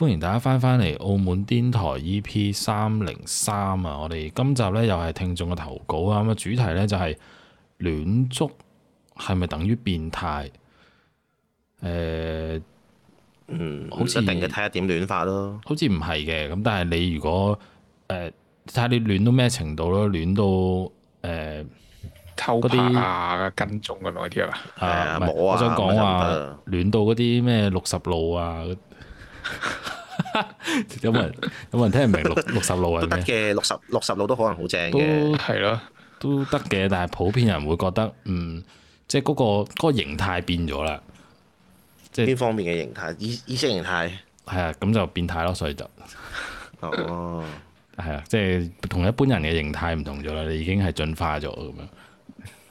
歡迎大家翻返嚟《澳門癲台 EP 三零三》啊！我哋今集呢又係聽眾嘅投稿啊！咁啊主題呢就係戀足係咪等於變態？誒、呃、嗯，好似像一定嘅睇下點戀法咯，好似唔係嘅咁。但係你如果誒睇下你戀到咩程度咯？戀到誒、呃、偷拍啊、些跟蹤嗰啲啊嘛，係啊，冇啊，是啊我想講話戀到嗰啲咩六十路啊～ 有冇人 有，有人聽唔明六十六係咩？都得嘅，六十六十六都可能好正嘅，係咯、啊，都得嘅。但係普遍人會覺得，嗯，即係、那、嗰個、嗰個形態變咗啦，即係邊方面嘅形態，意意識形態係啊，咁就變態咯，所以就 哦，係啊，即係同一般人嘅形態唔同咗啦，你已經係進化咗咁樣。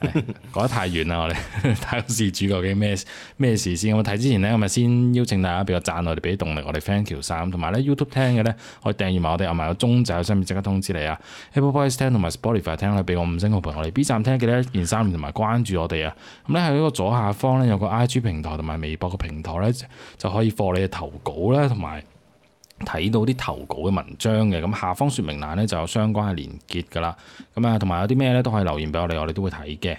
講、哎、得太遠啦，我哋睇下事主究竟咩咩事先。咁我睇之前呢，我咪先邀請大家俾個讚我哋，俾啲動力我哋。Thank you 三，同埋咧 YouTube 聽嘅咧，可以訂閱埋我哋，同埋有個鐘仔喺上面即刻通知你啊。Apple Voice 聽同埋 Spotify 聽，可以俾我五星好評我哋。B 站聽記得一件衫同埋關注我哋啊。咁咧喺呢個左下方咧有個 IG 平台同埋微博個平台咧，就可以放你嘅投稿啦。同埋。睇到啲投稿嘅文章嘅，咁下方説明欄呢就有相關嘅連結噶啦。咁啊，同埋有啲咩咧都可以留言俾我哋，我哋都會睇嘅。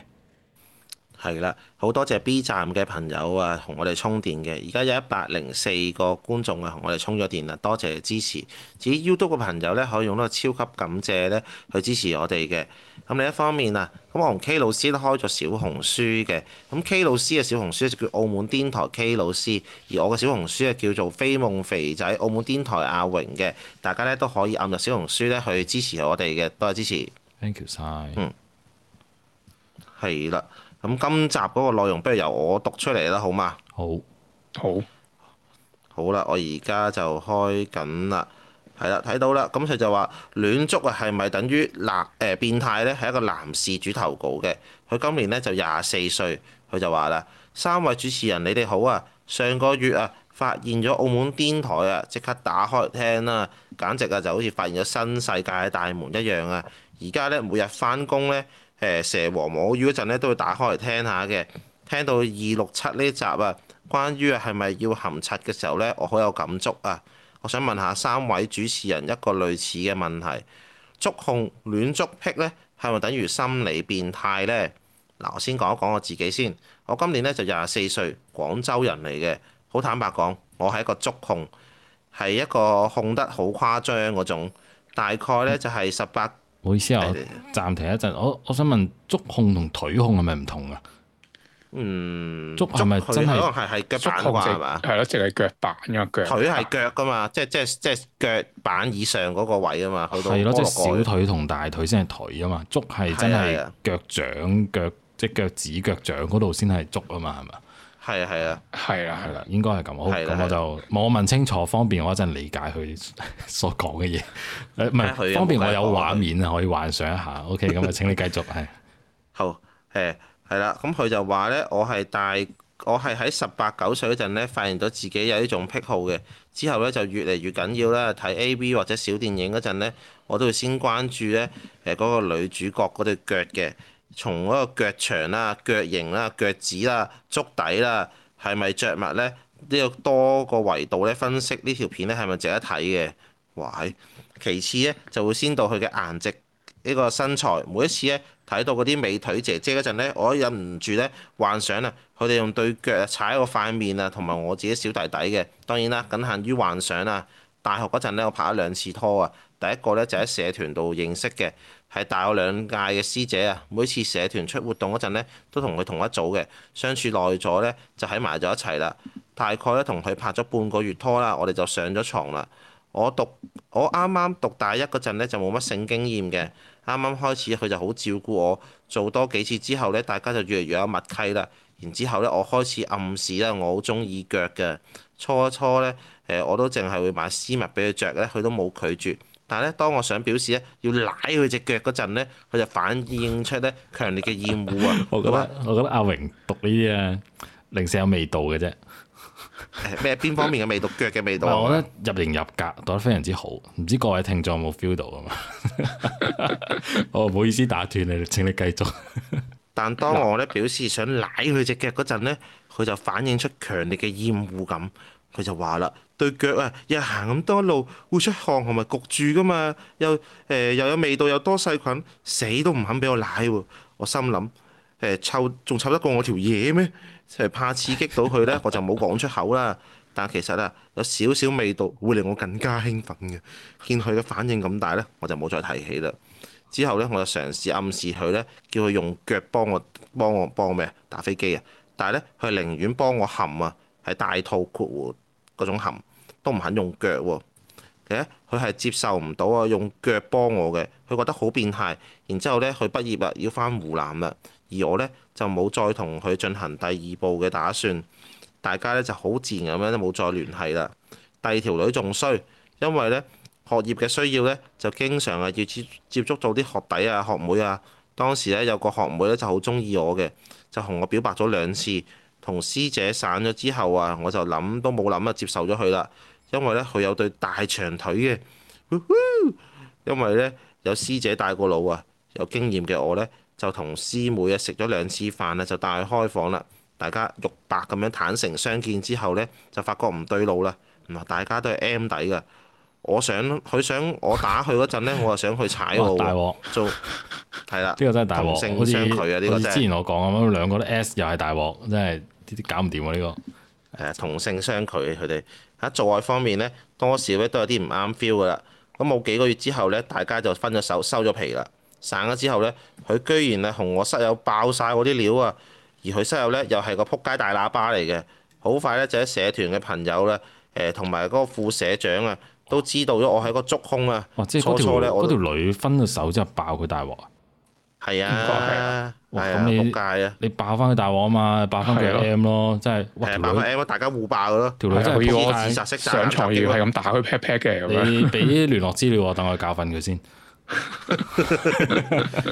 係啦，好多謝 B 站嘅朋友啊，同我哋充電嘅。而家有一百零四個觀眾啊，同我哋充咗電啦，多謝支持。至於 YouTube 嘅朋友呢，可以用呢個超級感謝呢去支持我哋嘅。咁另一方面啊，咁我同 K 老師都開咗小紅書嘅，咁 K 老師嘅小紅書就叫澳門癲台 K 老師，而我嘅小紅書啊叫做飛夢肥仔澳門癲台阿榮嘅，大家咧都可以按入小紅書咧去支持我哋嘅，多謝支持。Thank you 晒！嗯，係啦，咁今集嗰個內容不如由我讀出嚟啦，好嘛？好，好，好啦，我而家就開緊啦。係啦，睇到啦，咁佢就話戀足啊，係咪等於男誒、呃、變態咧？係一個男事主投稿嘅，佢今年咧就廿四歲，佢就話啦：三位主持人，你哋好啊！上個月啊，發現咗澳門癲台啊，即刻打開聽啊，簡直啊就好似發現咗新世界嘅大門一樣啊！而家咧每日翻工咧誒蛇王摸魚嗰陣咧，都會打開嚟聽,聽下嘅，聽到二六七呢集啊，關於係咪要含柒嘅時候咧，我好有感觸啊！我想問下三位主持人一個類似嘅問題：足控、戀足癖呢係咪等於心理變態呢？嗱，我先講一講我自己先。我今年呢就廿四歲，廣州人嚟嘅。好坦白講，我係一個足控，係一個控得好誇張嗰種。大概呢就係十八。唔，嗯，唔好意思啊，我暫停一陣。我我想問足控同腿控係咪唔同啊？嗯，足係咪真係？係係腳板啩係嘛？係咯，即係腳板嘅腳。腿係腳噶嘛，即即即腳板以上嗰個位啊嘛，去係咯，即係小腿同大腿先係腿啊嘛。足係真係腳掌、腳即腳趾、腳掌嗰度先係足啊嘛，係咪？係啊係啊。係啊係啦，應該係咁。好，咁我就我問清楚，方便我一陣理解佢所講嘅嘢。唔係方便我有畫面啊，可以幻想一下。OK，咁啊，請你繼續係。好，誒。係啦，咁佢就話咧，我係大，我係喺十八九歲嗰陣咧，發現到自己有呢種癖好嘅，之後咧就越嚟越緊要啦。睇 AV 或者小電影嗰陣咧，我都會先關注咧誒嗰個女主角嗰對腳嘅，從嗰個腳長啦、腳型啦、腳趾啦、足底啦，係咪着襪咧？呢、呢個多個維度咧分析呢條片咧係咪值得睇嘅？哇，其次咧就會先到佢嘅顏值呢個身材，每一次咧。睇到嗰啲美腿姐姐嗰陣咧，我忍唔住咧幻想啊，佢哋用對腳啊踩我塊面啊，同埋我自己小弟弟嘅。當然啦，僅限於幻想啊。大學嗰陣咧，我拍咗兩次拖啊。第一個咧就喺社團度認識嘅，係大我兩屆嘅師姐啊。每次社團出活動嗰陣咧，都同佢同一組嘅，相處耐咗咧，就喺埋咗一齊啦。大概咧同佢拍咗半個月拖啦，我哋就上咗床啦。我讀，我啱啱讀大一嗰陣咧，就冇乜性經驗嘅，啱啱開始佢就好照顧我。做多幾次之後咧，大家就越嚟越有默契啦。然之後咧，我開始暗示啦，我好中意腳嘅。初初咧誒，我都淨係會買絲襪俾佢着咧，佢都冇拒絕。但係咧，當我想表示咧要舐佢隻腳嗰陣咧，佢就反映出咧強烈嘅厭惡。 我覺得樣我覺得阿榮讀呢啲嘢，零舍有味道嘅啫。咩邊方面嘅味道？腳嘅味道。 我覺呢得入型入格，讀 得非常之好。唔知各位聽眾有冇 feel 到啊？我 唔好，好意思打斷你，請你繼續。 但當我咧 表示想舐佢隻腳嗰陣咧，佢就反映出強烈嘅厭惡感。佢就話啦，對腳啊，日行咁多路，會出汗同埋焗住噶嘛，又誒、呃、又有味道，又多細菌，死都唔肯俾我舐。我心諗。誒臭仲臭得過我條嘢咩？誒，怕刺激到佢咧，我就冇講出口啦。但係其實啊，有少少味道會令我更加興奮嘅。見佢嘅反應咁大咧，我就冇再提起啦。之後咧，我就嘗試暗示佢咧，叫佢用腳幫我幫我幫咩打飛機啊。但係咧，佢寧願幫我含啊，係大肚括弧嗰種含，都唔肯用腳喎、啊。佢係接受唔到啊，用腳幫我嘅，佢覺得好變態。然之後咧，佢畢業啦，要翻湖南啦，而我咧就冇再同佢進行第二步嘅打算，大家咧就好自然咁樣都冇再聯繫啦。第二條女仲衰，因為咧學業嘅需要咧，就經常啊要接接觸到啲學弟啊、學妹啊。當時咧有個學妹咧就好中意我嘅，就同我，我表白咗兩次，同師姐散咗之後啊，我就諗都冇諗啊，就接受咗佢啦。因為咧佢有對大長腿嘅，因為咧有師姐帶過腦啊，有經驗嘅，我咧就同師妹啊食咗兩次飯啊，就帶去開房啦，大家肉白咁樣坦誠相見之後咧，就發覺唔對路啦，嗱，大家都係 M 底嘅，我想佢想我打佢嗰陣咧，我啊想去踩路做係啦，呢個真係大鑊，性啊、好似佢呢之前我講咁樣兩個都 S 又係大鑊，真係啲啲搞唔掂啊呢、呢個。誒同性相拒，佢哋喺做愛方面咧多少咧都有啲唔啱 feel 噶啦。咁冇幾個月之後咧，大家就分咗手，收咗皮啦。散咗之後咧，佢居然啊同我室友爆晒嗰啲料啊，而佢室友咧又係個撲街大喇叭嚟嘅。好快咧就喺社團嘅朋友咧誒同埋嗰個副社長啊都知道咗我喺個足控啊。哇！即係嗰條嗰條女分咗手之後爆佢大鑊。係啊，咁你你爆翻佢大鑊啊嘛，爆翻隻 M 咯，真係。誒，爆翻 M，大家互爆咯，條女自殺式上牀要係咁打佢 pat pat 嘅。你俾聯絡資料我，等我教訓佢先。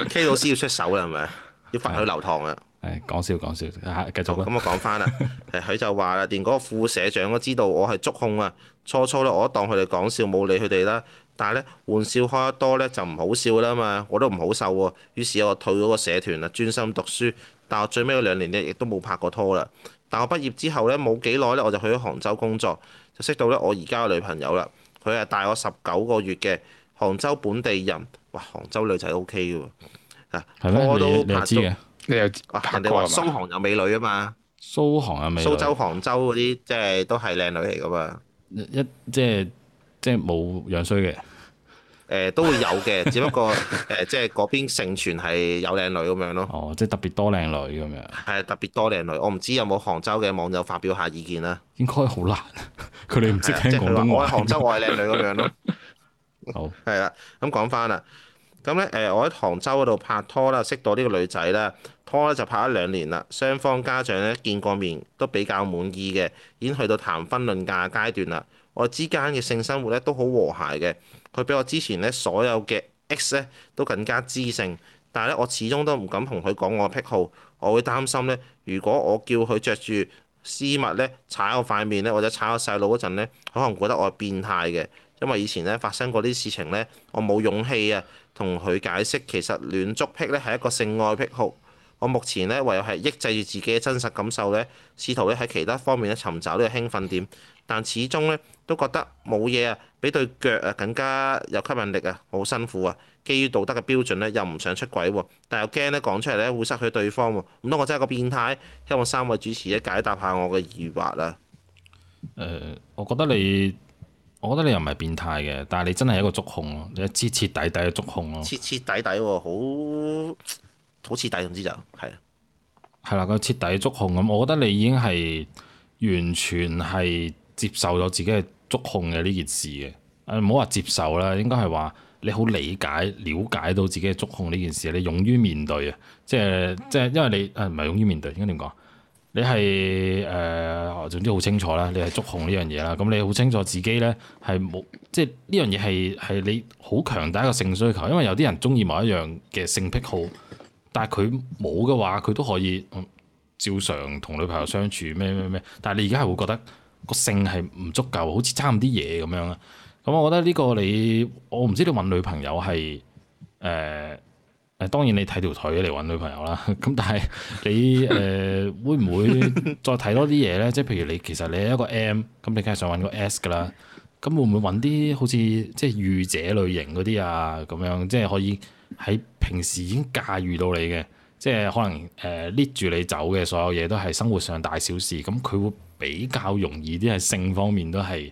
K 老師要出手啦，係咪？要罰佢留堂啊！誒，講笑講笑，繼續啦。咁我講翻啦，係佢就話啦，連嗰個副社長都知道我係足控啊，初初咧我當佢哋講笑，冇理佢哋啦。但係咧，玩笑開得多咧就唔好笑啦嘛，我都唔好受喎。於是，我退咗個社團啦，專心讀書。但我最尾嗰兩年咧，亦都冇拍過拖啦。但我畢業之後咧，冇幾耐咧，我就去咗杭州工作，就識到咧我而家嘅女朋友啦。佢係大我十九個月嘅杭州本地人。哇，杭州女仔 O K 嘅喎。嗱嗎，我都拍咗。你又知嘅？你又知？哇，人哋話蘇杭有美女啊嘛。蘇杭有美女。蘇州杭州嗰啲即係都係靚女嚟噶嘛。一即係。 即係冇樣衰嘅，誒、呃、都會有嘅， 只不過誒、呃、即係嗰邊盛傳係有靚女咁樣咯。哦，即係特別多靚女咁樣。係、嗯、特別多靚女，我唔知有冇杭州嘅網友發表下意見啦。應該好難，佢哋唔識聽講。即我喺杭州，我係靚女咁樣咯。 好，係啦。咁、嗯、講翻啦。咁咧誒，我喺杭州嗰度拍拖啦，識到呢個女仔啦，拖咧就拍咗兩年啦。雙方家長咧見過面都比較滿意嘅，已經去到談婚論嫁階段啦。我之間嘅性生活咧都好和諧嘅，佢比我之前咧所有嘅 X 咧都更加知性，但係咧我始終都唔敢同佢講我嘅癖好，我會擔心咧，如果我叫佢著住絲襪咧踩我塊面咧或者踩我細佬嗰陣咧，可能覺得我係變態嘅，因為以前咧發生過啲事情咧，我冇勇氣啊同佢解釋其實戀足癖咧係一個性愛癖好。我目前咧唯有係抑制住自己嘅真實感受咧，試圖咧喺其他方面咧尋找呢個興奮點，但始終咧都覺得冇嘢啊，比對腳啊更加有吸引力啊，好辛苦啊。基於道德嘅標準咧，又唔想出軌喎，但又驚咧講出嚟咧會失去對方喎。唔通我真係個變態？希望三位主持咧解答下我嘅疑惑啦。誒、呃，我覺得你，我覺得你又唔係變態嘅，但係你真係一個足控咯，你一啲徹徹底底嘅足控咯，徹徹底底喎，好～好徹底，總之就係啦，係啦，個徹底觸控咁，我覺得你已經係完全係接受咗自己嘅觸控嘅呢件事嘅。誒、啊，唔好話接受啦，應該係話你好理解、了解到自己嘅觸控呢件事，你勇於面對啊！即係即係，因為你誒唔係勇於面對，應該點講？你係誒、呃，總之好清楚啦。你係觸控呢樣嘢啦，咁你好清楚自己咧係冇，即係呢樣嘢係係你好強大一個性需求，因為有啲人中意某一樣嘅性癖好。但係佢冇嘅話，佢都可以，嗯，照常同女朋友相處咩咩咩。但係你而家係會覺得個性係唔足夠，好似差唔啲嘢咁樣啊？咁，嗯，我覺得呢個你，我唔知你揾女朋友係誒，呃，當然你睇條腿嚟揾女朋友啦。咁但係你誒，呃， 會唔會再睇多啲嘢呢？即係譬如你其實你係一個 M，咁你梗係想揾個 S 噶啦。咁會唔會揾啲好似即係御姐類型嗰啲啊？咁樣即係可以喺平時已經駕馭到你嘅，即係可能誒捏住你走嘅所有嘢都係生活上大小事。咁佢會比較容易啲，喺性方面都係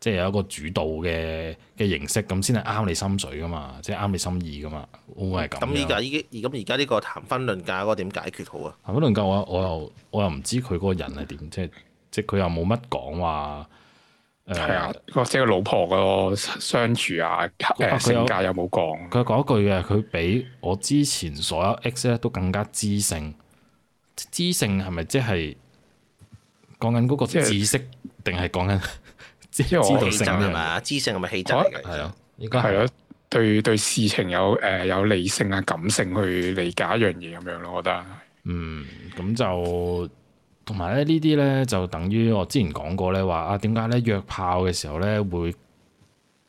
即係有一個主導嘅嘅形式，咁先係啱你心水㗎嘛，即係啱你心意㗎嘛，會唔會係咁？咁而家依咁而家呢個談婚論嫁嗰個點解決好啊？談婚論嫁，我又我又我又唔知佢嗰個人係點，即係即係佢又冇乜講話。係啊，即係個老婆個相處啊，有性格有冇講？佢講一句嘅，佢比我之前所有 X 咧，都更加知性。知性係咪即係講緊嗰個知識，定係講緊知道性係、啊、嘛？我知性係咪氣質嚟嘅？係啊，依家係咯，對對，對，對事情有誒、呃、有理性啊感性去理解一樣嘢咁樣咯，我覺得。嗯，咁就。同埋咧，呢啲呢，就等於我之前講過呢，話啊，點解呢約炮嘅時候呢，會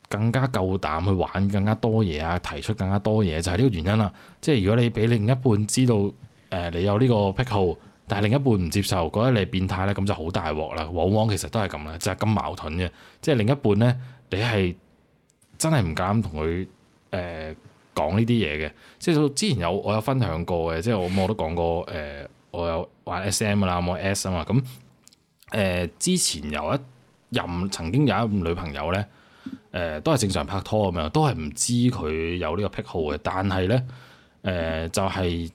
更加夠膽去玩更加多嘢啊，提出更加多嘢，就係呢個原因啦。即係如果你俾另一半知道誒、呃、你有呢個癖好，但係另一半唔接受，覺得你變態呢，咁就好大鑊啦。往往其實都係咁啦，就係咁矛盾嘅。即係另一半呢，你係真係唔敢同佢誒講呢啲嘢嘅。即係之前有我有分享過嘅，即係我我都講過誒。呃我有玩 SM，我有 S M 啦，冇 S 啊嘛，咁誒之前有一任曾經有一女朋友咧，誒、呃、都係正常拍拖咁樣，都係唔知佢有呢個癖好嘅，但係咧誒就係、是、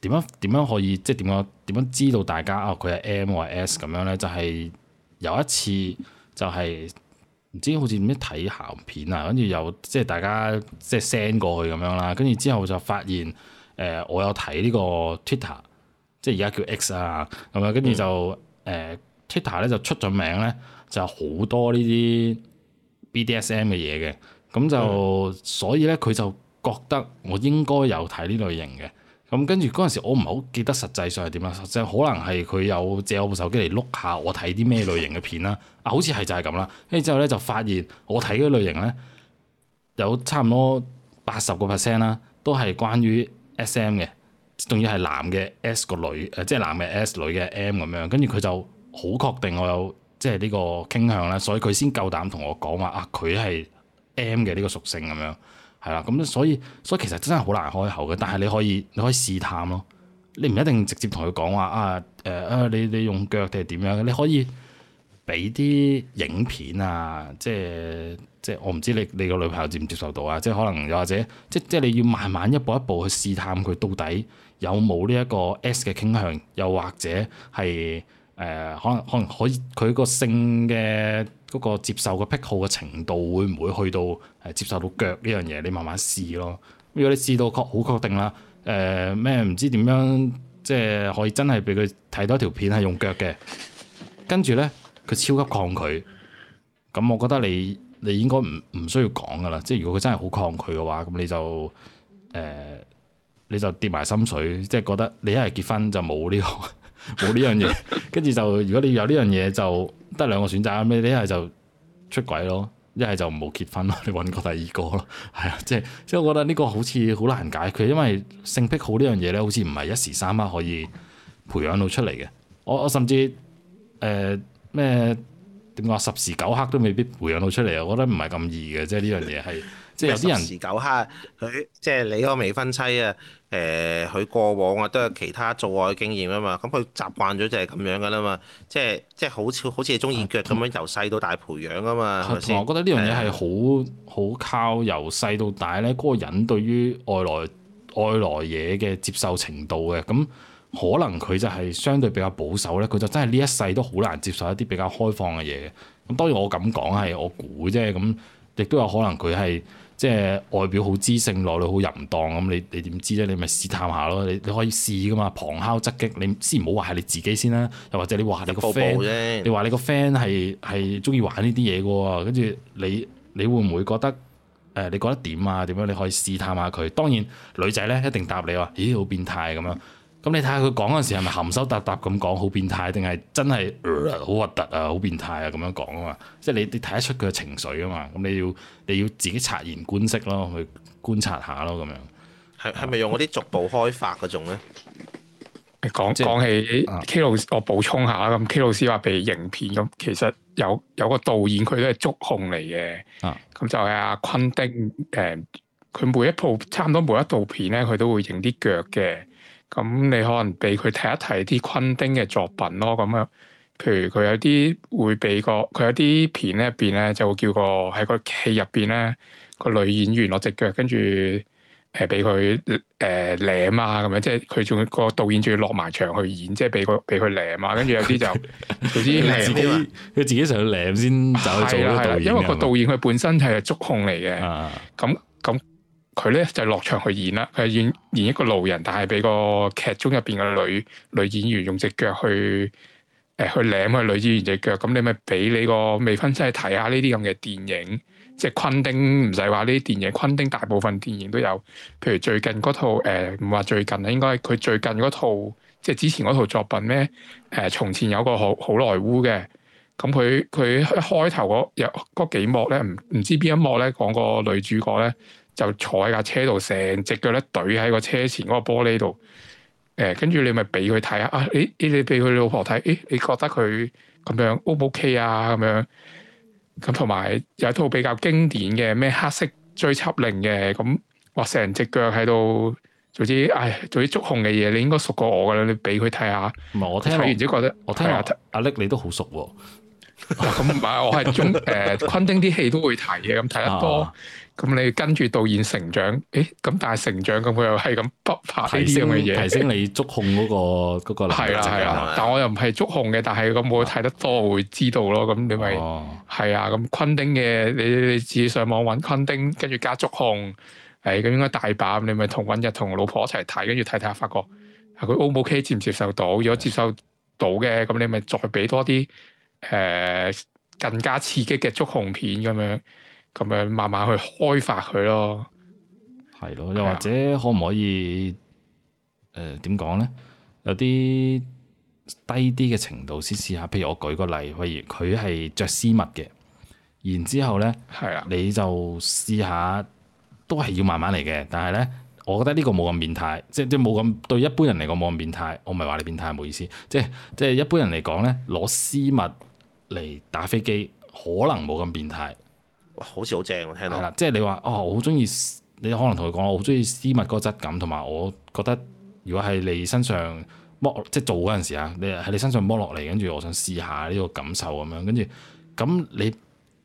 點樣點樣可以即係點樣點樣知道大家啊佢係 M 或 S 咁樣咧？就係、是、有一次就係、是、唔知好似點樣睇鹹片啊，跟住又即係、就是、大家即係 send 過去咁樣啦，跟住之後就發現誒、呃、我有睇呢個 Twitter。即係而家叫 X 啊，咁啊、嗯呃，跟住就誒 Twitter 咧就出咗名咧，就好多呢啲 BDSM 嘅嘢嘅，咁就、嗯、所以咧佢就覺得我應該有睇呢類型嘅，咁跟住嗰陣時我唔係好記得實際上係點啦，實際可能係佢有借我部手機嚟碌下我睇啲咩類型嘅片啦， 啊好似係就係咁啦，跟住之後咧就發現我睇嘅類型咧有差唔多八十個 percent 啦，都係關於 SM 嘅。仲要係男嘅 S 個女，誒、呃、即係男嘅 S 女嘅 M 咁樣，跟住佢就好確定我有即係呢個傾向啦，所以佢先夠膽同我講話啊，佢係 M 嘅呢個屬性咁樣，係啦，咁所以所以其實真係好難開口嘅，但係你可以你可以試探咯，你唔一定直接同佢講話啊，誒、呃、啊你你用腳定係點樣？你可以俾啲影片啊，即係即係我唔知你你個女朋友接唔接受到啊，即係可能又或者即即係你要慢慢一步一步去試探佢到底。有冇呢一個 S 嘅傾向，又或者係誒、呃、可能可能可以佢個性嘅嗰、嗰個接受嘅癖好嘅程度，會唔會去到誒、呃、接受到腳呢樣嘢？你慢慢試咯。如果你試到確好確定啦，誒咩唔知點樣？即係可以真係俾佢睇到一條片係用腳嘅，跟住咧佢超級抗拒，咁我覺得你你應該唔唔需要講噶啦。即係如果佢真係好抗拒嘅話，咁你就誒、呃你就跌埋心水，即係覺得你一係結婚就冇呢、呢個冇呢樣嘢，跟住 就如果你有呢樣嘢，就得兩個選擇啊！你你一係就出軌咯，一係就冇結婚咯，你揾個第二個咯，係啊！即係即係我覺得呢個好似好難解決，佢因為性癖好呢樣嘢咧，好似唔係一時三刻可以培養到出嚟嘅。我我甚至誒咩點講？十時九刻都未必培養到出嚟啊！我覺得唔係咁易嘅，即係呢樣嘢係即係有啲人十時九刻佢即係你嗰未婚妻啊！誒，佢、呃、過往啊，都有其他做愛經驗啊嘛，咁佢習慣咗就係咁樣噶啦嘛，即係即係好似好似中意腳咁樣由細到大培養啊嘛，啊，其實我覺得呢樣嘢係好好靠由細到大咧，嗰個人對於外來外來嘢嘅接受程度嘅，咁可能佢就係相對比較保守咧，佢就真係呢一世都好難接受一啲比較開放嘅嘢。咁當然我咁講係我估啫，咁亦都有可能佢係。即係外表好知性，內裏好淫蕩咁，你你點知啫？你咪試探下咯，你你可以試㗎嘛，旁敲側擊，你先唔好話係你自己先啦。又或者你話你個 friend，你話你個 friend 係係中意玩呢啲嘢嘅喎，跟住你你，你會唔會覺得誒、呃？你覺得點啊？點樣你可以試探下佢？當然女仔咧一定答你話：咦，好變態咁樣。咁你睇下佢講嗰陣時係咪含羞答答咁講，好變態定係真係好核突啊，好、呃、變態啊咁樣講啊嘛，即係你你睇得出佢嘅情緒啊嘛，咁你要你要自己察言觀色咯，去觀察下咯咁樣。係係咪用嗰啲逐步開發嗰種咧 講講起 K 老師，啊、我補充下啦。咁 K 老師話被影片，咁，其實有有個導演佢都係足控嚟嘅，咁、啊、就係阿昆丁誒，佢、啊、每一套，差唔多每一套片咧，佢都會影啲腳嘅。咁你可能俾佢睇一睇啲昆丁嘅作品咯，咁樣，譬如佢有啲會俾個佢有啲片咧入邊咧，就會叫個喺個戲入邊咧個女演員落隻腳，跟住誒俾佢誒舐啊咁樣，即係佢仲個導演仲要落埋場去演，即係俾佢俾佢舐啊，跟住有啲就佢 自己佢自己上去舐，先走去做嗰個導演，因為個導演佢、啊啊、嗎本身係足控嚟嘅，咁咁、啊。佢咧就是，落場去演啦，佢演演一個路人，但係俾個劇中入邊嘅女女演員用隻腳去誒、呃、去舐佢女演員隻腳，咁你咪俾你個未婚妻睇下呢啲咁嘅電影。即、就、係、是、昆丁唔使話呢啲電影，昆丁大部分電影都有，譬如最近嗰套誒唔話最近啦，應該佢最近嗰套即係、就是、之前嗰套作品咩？誒、呃、從前有個好好萊塢嘅，咁佢佢一開頭嗰入嗰幾幕咧，唔唔知邊一幕咧講個女主角咧。就坐喺架車度，成隻腳咧懟喺個車前嗰個玻璃度。誒、哎，跟住你咪俾佢睇下。啊，你你你俾佢老婆睇。誒，你覺得佢咁樣 O 唔 O K 啊？咁樣咁，同埋有一套比較經典嘅咩黑色追緝令嘅咁，哇！成隻腳喺度做啲唉做啲足控嘅嘢。你應該熟過我噶啦。你俾佢睇下。唔係，我睇完之後覺得我睇下阿力，你都好熟喎。咁唔係，我係中誒昆丁啲戲都會睇嘅，咁睇得多。啊啊 咁你跟住導演成長，誒咁但係成長咁佢又係咁不怕拍啲咁嘅嘢，提升你足控嗰、那個嗰啦係啦， 的但我又唔係足控嘅，但係咁我睇得多我會知道咯。咁你咪係啊，咁、哦、昆丁嘅你你自己上網揾昆丁，跟住加足控，誒、哎、咁應該大把。你咪同揾日同老婆一齊睇，跟住睇睇下發覺佢 O 唔 OK 接唔接受到，如果接受到嘅，咁你咪再俾多啲誒、呃、更加刺激嘅足控片咁樣。咁樣慢慢去開發佢咯，係咯，又或者可唔可以誒點講咧？有啲低啲嘅程度先試下。譬如我舉個例，譬如佢係着絲襪嘅，然之後咧，係啊，你就試下都係要慢慢嚟嘅。但係咧，我覺得呢個冇咁變態，即係即係冇咁對一般人嚟講冇咁變態。我唔係話你變態，唔好意思，即係即係一般人嚟講咧攞絲襪嚟打飛機可能冇咁變態。好似好正，我聽到啦，即係你話哦，我好中意，你可能同佢講，我好中意絲襪嗰個質感，同埋我覺得如果係你身上摸，即係做嗰陣時啊，你喺你身上摸落嚟，跟住我想試下呢個感受咁樣，跟住咁你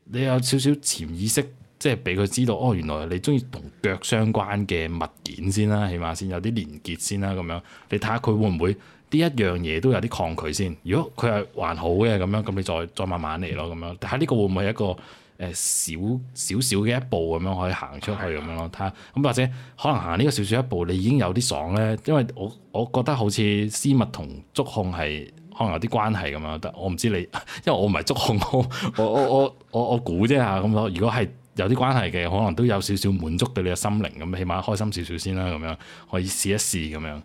你有少少潛意識，即係俾佢知道哦，原來你中意同腳相關嘅物件先啦、啊，起碼先有啲連結先啦、啊，咁樣你睇下佢會唔會呢一樣嘢都有啲抗拒先？如果佢係還好嘅咁樣，咁你再再慢慢嚟咯，咁樣。但係呢個會唔會係一個？誒少少少嘅一步咁樣可以行出去咁樣咯，睇下咁或者可能行呢個少少一步，你已經有啲爽咧，因為我我覺得好似私密同觸控係可能有啲關係咁樣，但我唔知你，因為我唔係觸控，我我我我我估啫吓咁咯。如果係有啲關係嘅，可能都有少少滿足到你嘅心靈咁，起碼開心少少先啦，咁樣可以試一試咁樣。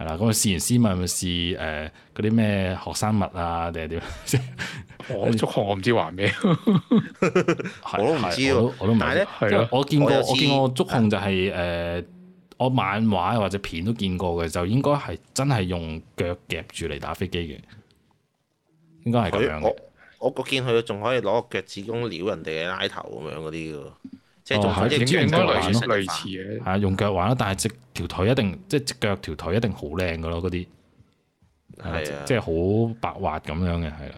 係啦，咁試完絲襪咪試誒，嗰啲咩學生物啊定係點？我足控 我唔知話咩， 我都唔知。我都唔知。係咧的，我見過，我，我見過足控就係、是、誒、呃，我漫畫或者片都見過嘅，就應該係真係用腳夾住嚟打飛機嘅，應該係咁樣。我我見佢仲可以攞個腳趾公撩人哋嘅拉頭咁樣嗰啲噶。即係，應該類似嘅，係、哦、似啊，用腳玩啦，但係隻條腿一定即係隻腳條腿一定好靚㗎咯，嗰啲係啊，即係好白滑咁樣嘅係啦。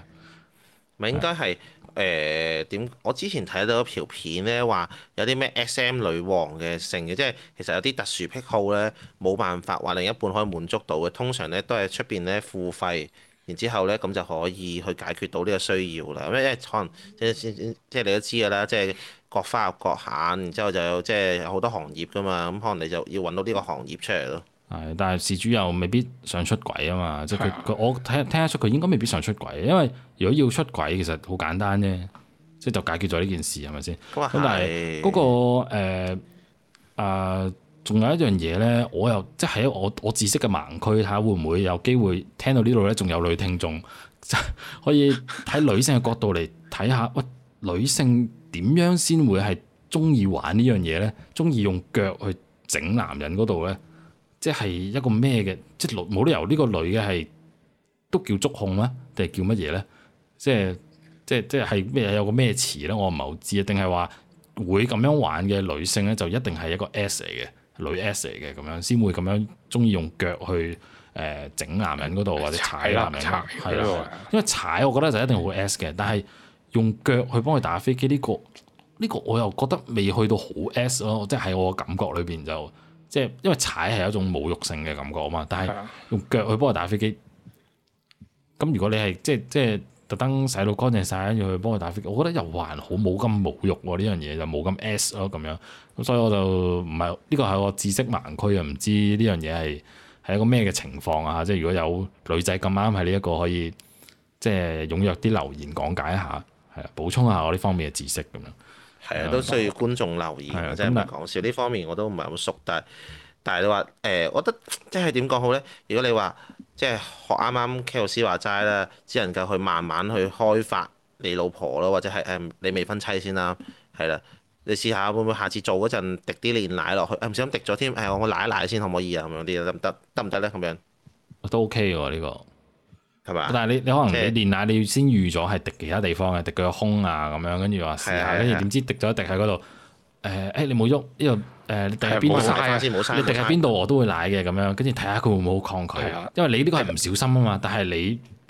咪、啊、應該係誒點？我之前睇到一條片咧，話有啲咩 S.M. 女王嘅性嘅，即係其實有啲特殊癖好咧，冇辦法話另一半可以滿足到嘅，通常咧都係出邊咧付費。然之後咧，咁就可以去解決到呢個需要啦。因為可能即係先即係你都知嘅啦，即係各花入各眼，然之後就有即係好多行業噶嘛。咁可能你就要揾到呢個行業出嚟咯。係，但係事主又未必想出軌啊嘛。即係佢的我聽聽得出佢應該未必想出軌，因為如果要出軌，其實好簡單啫，即係就解決咗呢件事係咪先？咁是但係嗰、嗰個誒、呃呃呃仲有一樣嘢咧，我又即係喺我我知識嘅盲區，睇下會唔會有機會聽到呢度咧，仲有女聽眾， 可以喺女性嘅角度嚟睇下，喂、呃，女性點樣先會係中意玩呢樣嘢咧？中意用腳去整男人嗰度咧，即係一個咩嘅？即係冇理由呢、呢個女嘅係都叫觸控咧，定係叫乜嘢咧？即係即係即係咩有個咩詞咧？我唔係好知啊。定係話會咁樣玩嘅女性咧，就一定係一個 S 嚟嘅。女 S 嚟嘅咁樣，先會咁樣中意用腳去誒、呃、整男人嗰度或者踩男人，係啦，因為踩我覺得就一定好 S 嘅。係嘅。但係用腳去幫佢打飛機呢個呢個，我又覺得未去到好 S 咯，即係喺我嘅感覺裏邊就即係，因為踩係一種侮辱性嘅感覺啊嘛。但係用腳去幫佢打飛機，咁如果你係即係即係。特登洗到乾淨晒，要去幫佢打飛機，我覺得又還好，冇咁侮辱喎呢樣嘢，就冇咁 S 咯、啊、咁樣。咁所以我就唔係呢個係我知識盲區啊，唔知呢樣嘢係係一個咩嘅情況啊？即係如果有女仔咁啱喺呢一個，可以即係踴躍啲留言講解一下，係啊，補充下我呢方面嘅知識咁樣。係啊，都需要觀眾留言，即係唔係講笑呢方面我都唔係好熟，但係、嗯、但係你話誒、呃，我覺得即係點講好咧？如果你話即係學啱啱 K 老師話齋啦，只能夠去慢慢去開發你老婆咯，或者係誒、嗯、你未婚妻先啦，係啦，你試下會唔會下次做嗰陣滴啲煉奶落去？誒唔小心滴咗添，誒、哎、我奶奶先可唔可以啊？咁樣啲得唔得？得唔得咧？咁樣都 OK 喎呢、啊呢個係嘛？吧但係你你可能煉、就是、你煉奶你要先預咗係滴其他地方嘅滴佢個胸啊咁樣，跟住話試下，跟住點知滴咗滴喺嗰度。的誒誒、欸，你冇喐呢度？誒、呃，你滴喺邊度？你滴喺邊度？我都會舐嘅咁樣，跟住睇下佢會唔會好抗拒？的因為你呢個係唔小心啊嘛。的但係你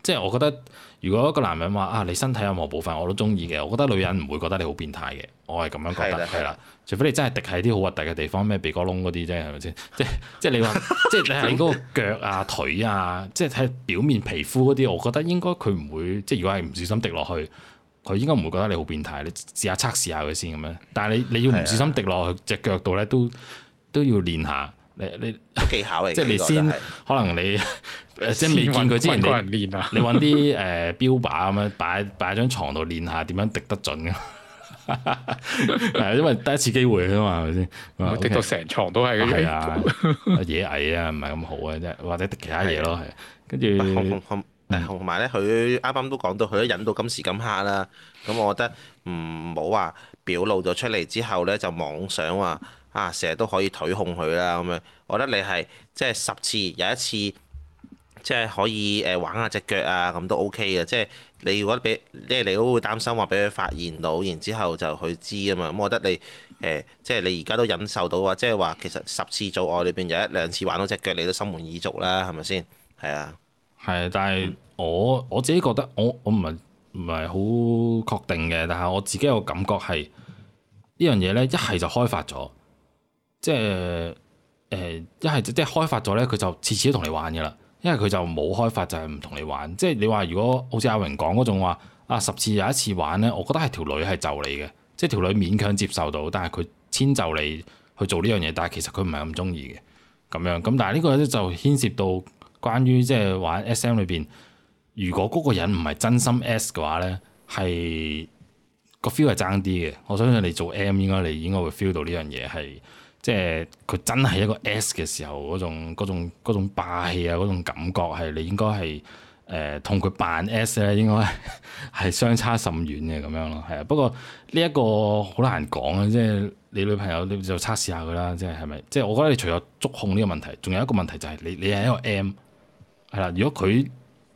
即係、就是、我覺得，如果一個男人話啊，你身體任何部分我都中意嘅，我覺得女人唔會覺得你好變態嘅。我係咁樣覺得，係啦。除非你真係滴喺啲好核突嘅地方，咩鼻哥窿嗰啲啫，係咪先？即即係你話，即係你嗰個腳啊、腿啊，即係睇表面皮膚嗰啲，我覺得應該佢唔會即係、就是、如果係唔小心滴落去。佢應該唔會覺得你好變態，你試下測試下佢先咁樣。但係你你要唔小心滴落去隻腳度咧，都都要練下。你你技巧嚟，即係你先可能你即係未見佢之前，你練啊。你揾啲誒標靶咁樣擺擺喺張床度練下，點樣滴得準㗎？因為第一次機會啊嘛，係咪先？滴到成床都係嘅。係啊，野蟻啊，唔係咁好嘅啫，或者滴其他嘢咯，係。跟住。同埋咧，佢啱啱都講到，佢都忍到今時今刻啦。咁我覺得唔好話表露咗出嚟之後咧，就妄想話啊，成日都可以腿控佢啦咁樣。我覺得你係即係十次有一次即係、就是、可以誒、呃、玩下隻腳啊，咁都 O K 嘅。即、就、係、是、你如果俾即係你都會擔心話俾佢發現到，然後之後就佢知啊嘛。咁我覺得你誒即係你而家都忍受到啊，即係話其實十次做愛裏邊有一兩次玩到隻腳，你都心滿意足啦，係咪先？係啊。係，但係我我自己覺得，我我唔係唔係好確定嘅。但係我自己有感覺係呢樣嘢咧，一係就開發咗，即係誒一係即係開發咗咧，佢就次次都同你玩嘅啦。因為佢就冇開發就係唔同你玩。即係你話如果好似阿榮講嗰種話，啊十次有一次玩咧，我覺得係條女係就你嘅，即係條女勉強接受到，但係佢遷就你去做呢樣嘢，但係其實佢唔係咁鍾意嘅咁樣。咁但係呢個咧就牽涉到。關於即係玩 S M 裏邊，如果嗰個人唔係真心 S 嘅話咧，係個 feel 係爭啲嘅。我相信你做 M 應該你應該會 feel 到呢樣嘢係，即係佢真係一個 S 嘅時候嗰種嗰種嗰種霸氣啊，嗰種感覺係你應該係誒同佢扮 S 咧應該係 相差甚遠嘅咁樣咯。係啊，不過呢一個好難講啊，即係你女朋友你就測試下佢啦，即係係咪？即係我覺得你除咗觸控呢個問題，仲有一個問題就係你你係一個 M。係啦，如果佢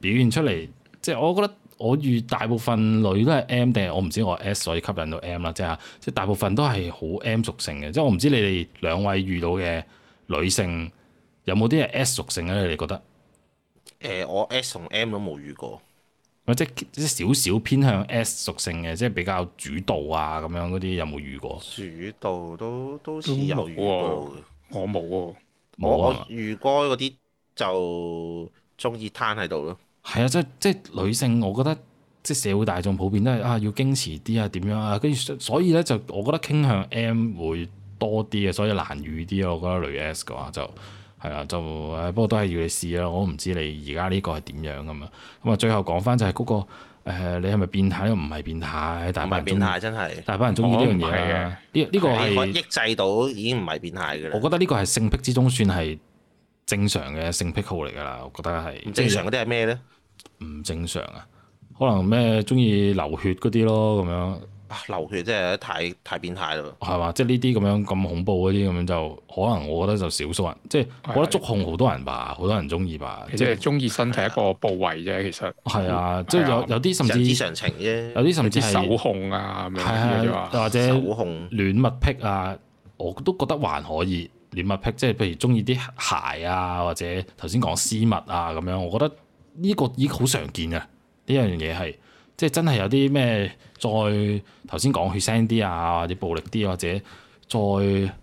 表現出嚟，即係我覺得我遇大部分女都係 M 定係我唔知我 S 所以吸引到 M 啦，即係即係大部分都係好 M 屬性嘅，即係我唔知你哋兩位遇到嘅女性有冇啲係 S 屬性咧？你哋覺得？誒、呃，我 S 同 M 都冇遇過，或者即係少少偏向 S 屬性嘅，即係比較主導啊咁樣嗰啲，有冇遇過？主導都都有遇過，有遇過。我冇喎，冇，我我遇過嗰啲就。中意攤喺度咯，係啊，即即女性，我覺得即社會大眾普遍都係啊，要矜持啲啊，點樣啊，跟住所以咧就我覺得傾向 M 會多啲啊，所以難遇啲咯。我覺得女 S 嘅話就係啊，就、哎、不過都係要你試啊。我唔知你而家呢個係點樣咁啊。咁、嗯、啊，最後講翻就係嗰個、哎、你係咪變態？唔係變態，大把人變態真係，大把人中意呢樣嘢。呢呢個係壓抑到已經唔係變態嘅啦。我覺得呢個係性癖之中算係。正常嘅性癖好嚟噶啦，我覺得係。唔正常嗰啲係咩咧？唔正常啊，可能咩中意流血嗰啲咯，咁樣。流血真係太太變態咯。係嘛？即係呢啲咁樣咁恐怖嗰啲咁樣就，就可能我覺得就少數人，即係我覺得足控好多人吧，好多人中意吧，的即係中意身體一個部位啫，其實。係啊，即係有、哎、呀有啲甚，甚至常情啫，有啲甚至手控啊，係係的，或者戀物癖啊，控我都覺得還可以。戀物癖，即係譬如中意啲鞋啊，或者頭先講絲襪啊咁樣，我覺得呢個已經好常見嘅呢樣嘢係，即係真係有啲咩再頭先講血腥啲啊，或者暴力啲，或者再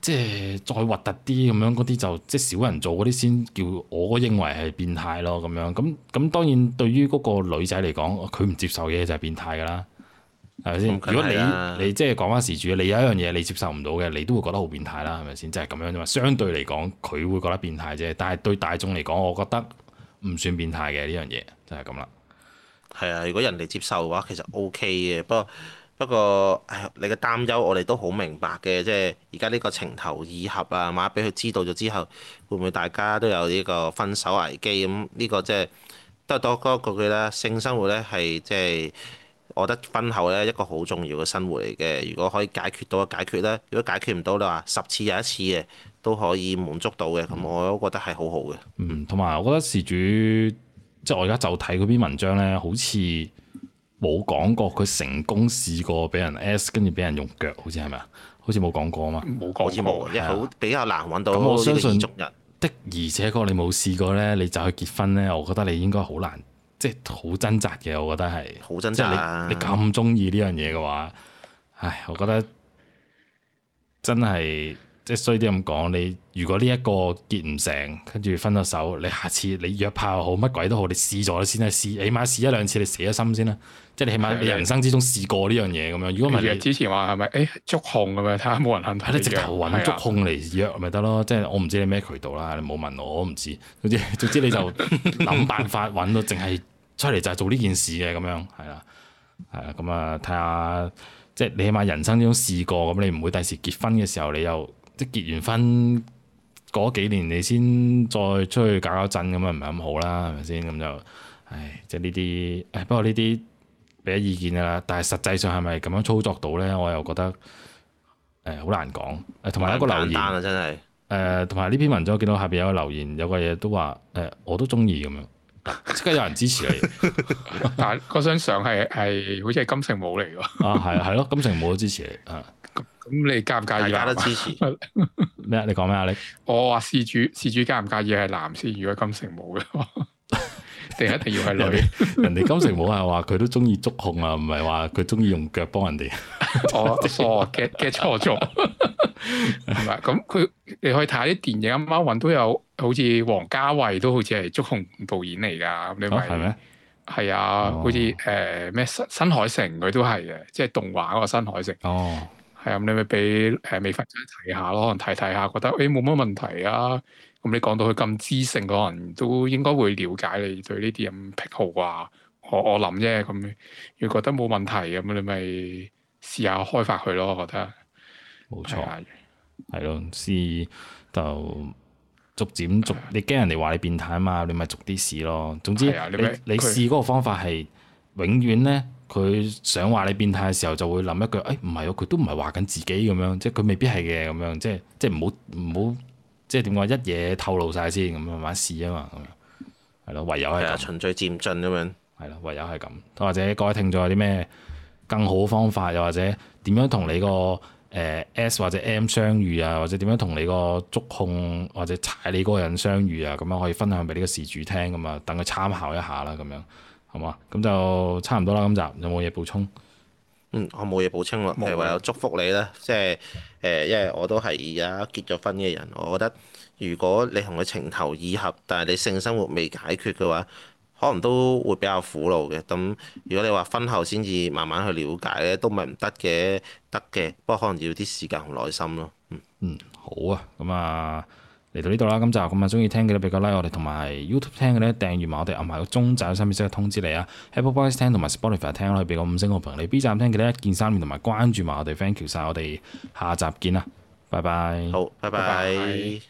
即係再核突啲咁樣，嗰啲就即係少人做嗰啲先叫我認為係變態咯，咁樣，咁咁當然對於嗰個女仔嚟講，佢唔接受嘅嘢就係變態噶啦。係咪先？如果你、啊、你即係講翻事主，你有一樣嘢你接受唔到嘅，你都會覺得好變態啦，係咪先？即係咁樣啫嘛。相對嚟講，佢會覺得變態啫。但係對大眾嚟講，我覺得唔算變態嘅呢樣嘢，就係咁啦。係啊，如果人哋接受嘅話，其實 OK 嘅。不過不過，誒，你嘅擔憂我哋都好明白嘅。即係而家呢個情投意合啊，萬一俾佢知道咗之後，會唔會大家都有呢個分手危機咁？呢、嗯，呢個即係都多講一句啦，性生活咧係即係。係即係我覺得婚後咧一個好重要嘅生活嚟嘅，如果可以解決到嘅解決啦。如果解決唔到你話十次有一次嘅都可以滿足到嘅，咁、嗯、我都覺得係好好嘅。嗯，同埋我覺得事主即係我而家就睇嗰篇文章咧，好似冇講過佢成功試過俾人 S 跟住俾人用腳，好似係咪啊？好似冇講過啊嘛，冇講過，好的比較難揾到。咁我相信足人的，的而且確你冇試過咧，你就去結婚咧，我覺得你應該好難。即係好掙扎嘅，我覺得係，好掙扎。即係你你咁鍾意呢樣嘢嘅話，唉，我覺得真係。即係衰啲咁講，你如果呢一個結唔成，跟住分咗手，你下次你約炮又好，乜鬼都好，你試咗先啦，試，你起碼試一兩次，你死心先啦。即係你起碼你人生之中試過呢樣嘢咁樣。如果唔係，之前話係咪誒觸控咁樣，睇下冇人肯的你。你直頭揾觸控嚟約咪得咯？即係我唔知你咩渠道啦，你冇問我，我唔知。總之總之你就諗 辦法揾到，淨係出嚟就係做呢件事嘅咁樣，係啦，係啦。咁啊睇下，即係你起碼人生之中試過，咁你唔會第時結婚嘅時候你又～即結完婚嗰幾年，你先再出去搞搞震咁啊，唔係咁好啦，係咪先？咁就，唉，即呢啲，唉，不過呢啲俾咗意見㗎啦。但係實際上係咪咁樣操作到呢？我又覺得，誒，好難講。同埋一個留言啊，真、呃、係。誒，同埋呢篇文章我見到下邊有個留言，有個嘢都話，誒，我都中意咁樣。即刻有人支持你，但係嗰張相係係好似係金城武嚟噶，啊係係咯，金城武都支持你，啊咁你介唔介意啊？大家都支持咩啊？你講咩啊？你我話事主，事主介唔介意係男先？如果金城武嘅定一定要係女？人哋金城武係話佢都中意足控啊，唔係話佢中意用腳幫人哋。我疏啊，get get 錯唔係咁，佢、 嗯、你可以睇下啲電影。啱啱搵都有，好似王家衛都好似係戀足導演嚟噶。咁你咪係咩？係啊、嗯，好似誒咩新新海誠佢都係嘅，即係動畫嗰個新海誠。哦，係啊、嗯，你咪俾誒未發展睇下咯，可能睇睇下覺得誒冇乜問題啊。咁、嗯、你講到佢咁知性人，可能都應該會了解你對呢啲咁癖好啩、啊。我我諗啫，咁如果覺得冇問題，咁你咪試下開發佢咯。覺得冇錯。係咯，試就逐漸逐，你驚人哋話你變態啊嘛，你咪逐啲試咯。總之你你試嗰個方法係永遠咧，佢想話你變態嘅時候，就會諗一句，誒唔係哦，佢都唔係話緊自己咁樣，即係佢未必係嘅咁樣，即係即係唔好唔好，即係點講一嘢透露晒先，咁慢慢試啊嘛，咁樣係咯，唯有係咁。純粹漸進咁樣，係咯，唯有係咁。或者各位聽眾有啲咩更好方法，又或者點樣同你個？誒,、呃、S 或者 M 相遇啊，或者點樣同你個足控或者踩你嗰個人相遇啊，咁樣可以分享俾呢個事主聽咁啊，等佢參考一下啦，咁樣好嘛？咁就差唔多啦，今集有冇嘢補充？嗯，我冇嘢補充啦，係、呃、唯有祝福你啦，即係誒、呃，因為我都係而家結咗婚嘅人，我覺得如果你同佢情投意合，但係你性生活未解決嘅話，可能都會比較苦惱嘅，咁如果你話婚後先至慢慢去了解咧，都唔係唔得嘅，得嘅，不過可能要啲時間同耐心咯。嗯嗯，好啊，咁啊嚟到呢度啦，咁就咁啊，中意聽嘅咧畀個 like 我哋，同埋 YouTube 聽嘅咧訂閱埋我哋，按埋個鐘仔，三秒聲通知你啊。Apple Podcast 聽同埋 Spotify 聽可以俾個五星好評你。B 站聽嘅咧，一鍵三連同埋關注埋我哋 Thank you 晒，我哋下集見啦，拜拜。好，拜拜。拜拜。